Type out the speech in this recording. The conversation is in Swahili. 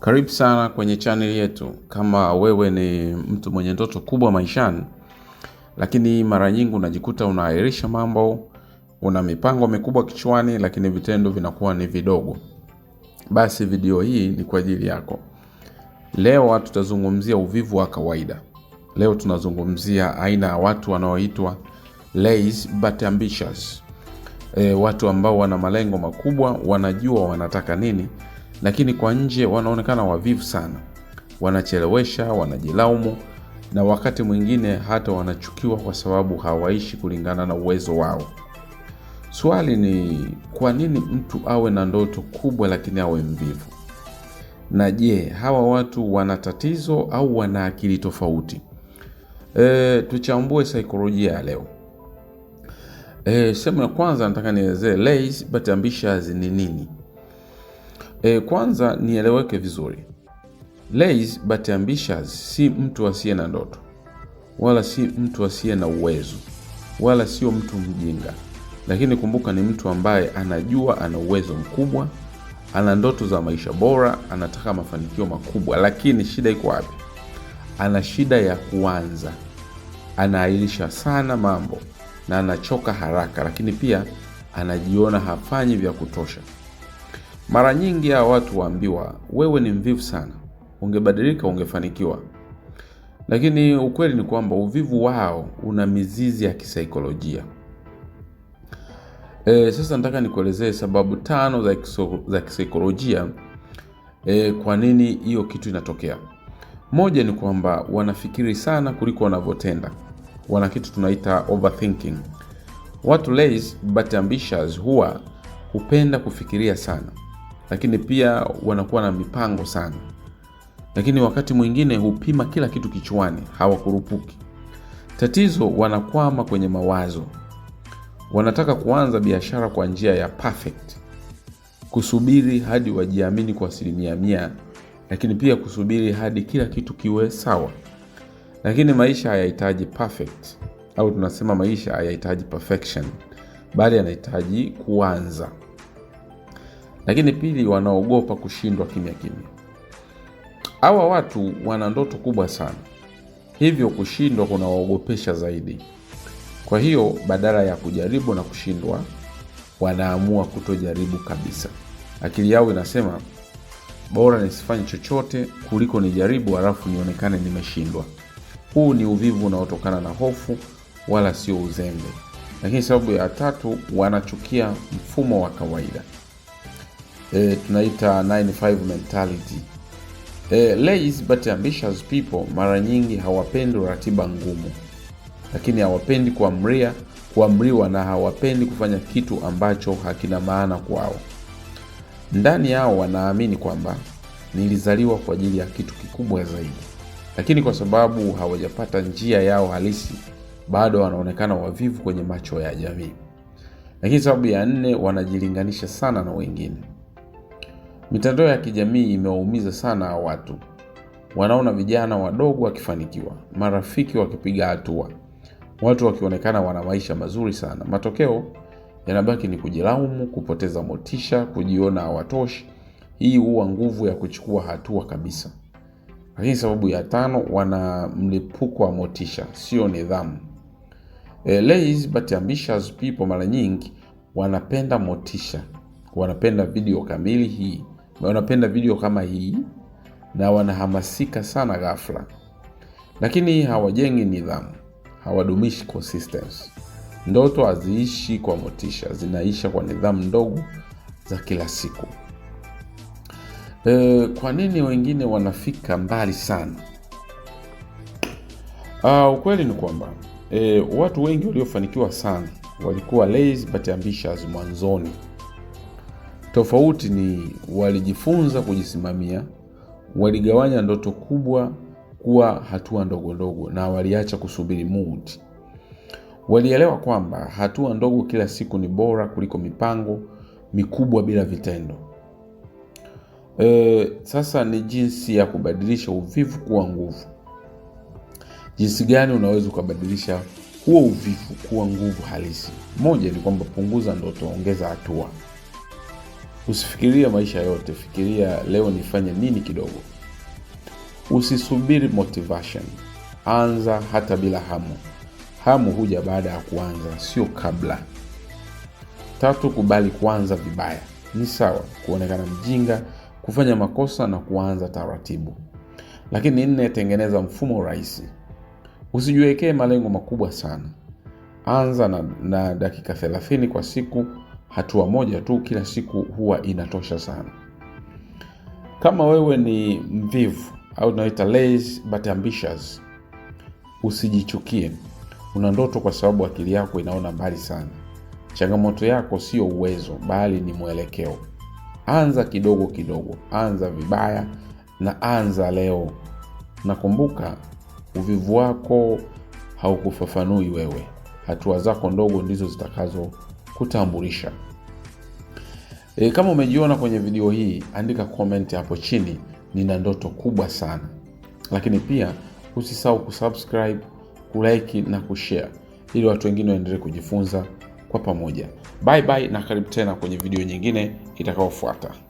Karibu sana kwenye channel yetu. Kama wewe ni mtu mwenye ndoto kubwa maishani, lakini mara nyingi unajikuta unaahirisha mambo, una mipango mikubwa kichwani, lakini vitendo vinakuwa ni vidogo, basi video hii ni kwa ajili yako. Leo tutazungumzia uvivu wa kawaida. Leo tunazungumzia aina ya watu wanaoitwa lazy but ambitious. E, watu ambao wana malengo makubwa, wanajua wanataka nini lakini kwa nje wanaonekana wavivu sana, wanachelewesha, wanajilaumu na wakati mwingine hata wanachukiwa kwa sababu hawaishi kulingana na uwezo wao. Swali ni kwa nini mtu awe na ndoto kubwa lakini awe mvivu? Na je, hawa watu wana tatizo au wana akili tofauti? E, tuchambue saikolojia ya leo. E, sehemu ya kwanza nataka nielezee lazy but ambitious ni nini. E, kwanza nieleweke vizuri. Lazy but ambitious si mtu asiye na ndoto, wala si mtu asiye na uwezo, wala sio mtu mjinga, lakini kumbuka, ni mtu ambaye anajua ana uwezo mkubwa, ana ndoto za maisha bora, anataka mafanikio makubwa, lakini shida iko wapi? Ana shida ya kuanza, anaahirisha sana mambo na anachoka haraka, lakini pia anajiona hafanyi vya kutosha. Mara nyingi hawa watu waambiwa, wewe ni mvivu sana, ungebadilika ungefanikiwa. Lakini ukweli ni kwamba uvivu wao una mizizi ya kisaikolojia. E, sasa nataka nikuelezee sababu tano za, kiso, za kisaikolojia e, kwa nini hiyo kitu inatokea. Moja ni kwamba wanafikiri sana kuliko wanavyotenda. Wana kitu tunaita overthinking. Watu lazy but ambitious huwa hupenda kufikiria sana lakini pia wanakuwa na mipango sana, lakini wakati mwingine hupima kila kitu kichwani, hawakurupuki. Tatizo, wanakwama kwenye mawazo. Wanataka kuanza biashara kwa njia ya perfect, kusubiri hadi wajiamini kwa asilimia mia, lakini pia kusubiri hadi kila kitu kiwe sawa. Lakini maisha hayahitaji perfect, au tunasema maisha hayahitaji perfection, bali yanahitaji kuanza. Lakini pili, wanaogopa kushindwa kimya kimya. Hawa watu wana ndoto kubwa sana, hivyo kushindwa kunawaogopesha zaidi. Kwa hiyo badala ya kujaribu na kushindwa, wanaamua kutojaribu kabisa. Akili yao inasema bora nisifanye chochote kuliko nijaribu halafu nionekane nimeshindwa. Huu ni uvivu unaotokana na hofu, wala sio uzembe. Lakini sababu ya tatu, wanachukia mfumo wa kawaida e, tunaita 95 mentality. E, eh, lazy but ambitious people mara nyingi hawapendi ratiba ngumu, lakini hawapendi kuamria kuamriwa na hawapendi kufanya kitu ambacho hakina maana kwao. Ndani yao wanaamini kwamba nilizaliwa kwa ajili ya kitu kikubwa zaidi, lakini kwa sababu hawajapata njia yao halisi, bado wanaonekana wavivu kwenye macho ya jamii. Lakini sababu ya nne, wanajilinganisha sana na wengine. Mitandao ya kijamii imewaumiza sana watu. Wanaona vijana wadogo wakifanikiwa, marafiki wakipiga hatua, watu wakionekana wana maisha mazuri sana. Matokeo yanabaki ni kujilaumu, kupoteza motisha, kujiona hawatoshi. Hii huwa nguvu ya kuchukua hatua kabisa. Lakini sababu ya tano, wana mlipuko wa motisha, sio nidhamu. E, eh, lazy but ambitious people mara nyingi wanapenda motisha, wanapenda video kamili hii wanapenda video kama hii na wanahamasika sana ghafla, lakini hawajengi nidhamu, hawadumishi consistency. Ndoto haziishi kwa motisha, zinaisha kwa nidhamu ndogo za kila siku. E, kwa nini wengine wanafika mbali sana? Uh, ukweli ni kwamba e, watu wengi waliofanikiwa sana walikuwa lazy but ambitious mwanzoni. Tofauti ni walijifunza kujisimamia, waligawanya ndoto kubwa kuwa hatua ndogo ndogo na waliacha kusubiri muti. Walielewa kwamba hatua ndogo kila siku ni bora kuliko mipango mikubwa bila vitendo. E, sasa ni jinsi ya kubadilisha uvivu kuwa nguvu. Jinsi gani unaweza ukabadilisha huo uvivu kuwa nguvu halisi? Moja ni kwamba punguza ndoto, ongeza hatua. Usifikiria maisha yote, fikiria leo nifanye nini kidogo. Usisubiri motivation, anza hata bila hamu. Hamu huja baada ya kuanza, sio kabla. Tatu, kubali kuanza vibaya. Ni sawa kuonekana mjinga, kufanya makosa na kuanza taratibu. Lakini nne, tengeneza mfumo rahisi. Usijiwekee malengo makubwa sana, anza na, na dakika 30 kwa siku hatua moja tu kila siku huwa inatosha sana. Kama wewe ni mvivu au unaita lazy but ambitious, usijichukie. Una ndoto kwa sababu akili yako inaona mbali sana. Changamoto yako sio uwezo, bali ni mwelekeo. Anza kidogo kidogo, anza vibaya na anza leo. Nakumbuka uvivu wako haukufafanui wewe. Hatua zako ndogo ndizo zitakazo kutambulisha. E, kama umejiona kwenye video hii, andika comment hapo chini, nina ndoto kubwa sana. Lakini pia usisahau kusubscribe, kulike na kushare ili watu wengine waendelee kujifunza kwa pamoja. Bye bye na karibu tena kwenye video nyingine itakayofuata.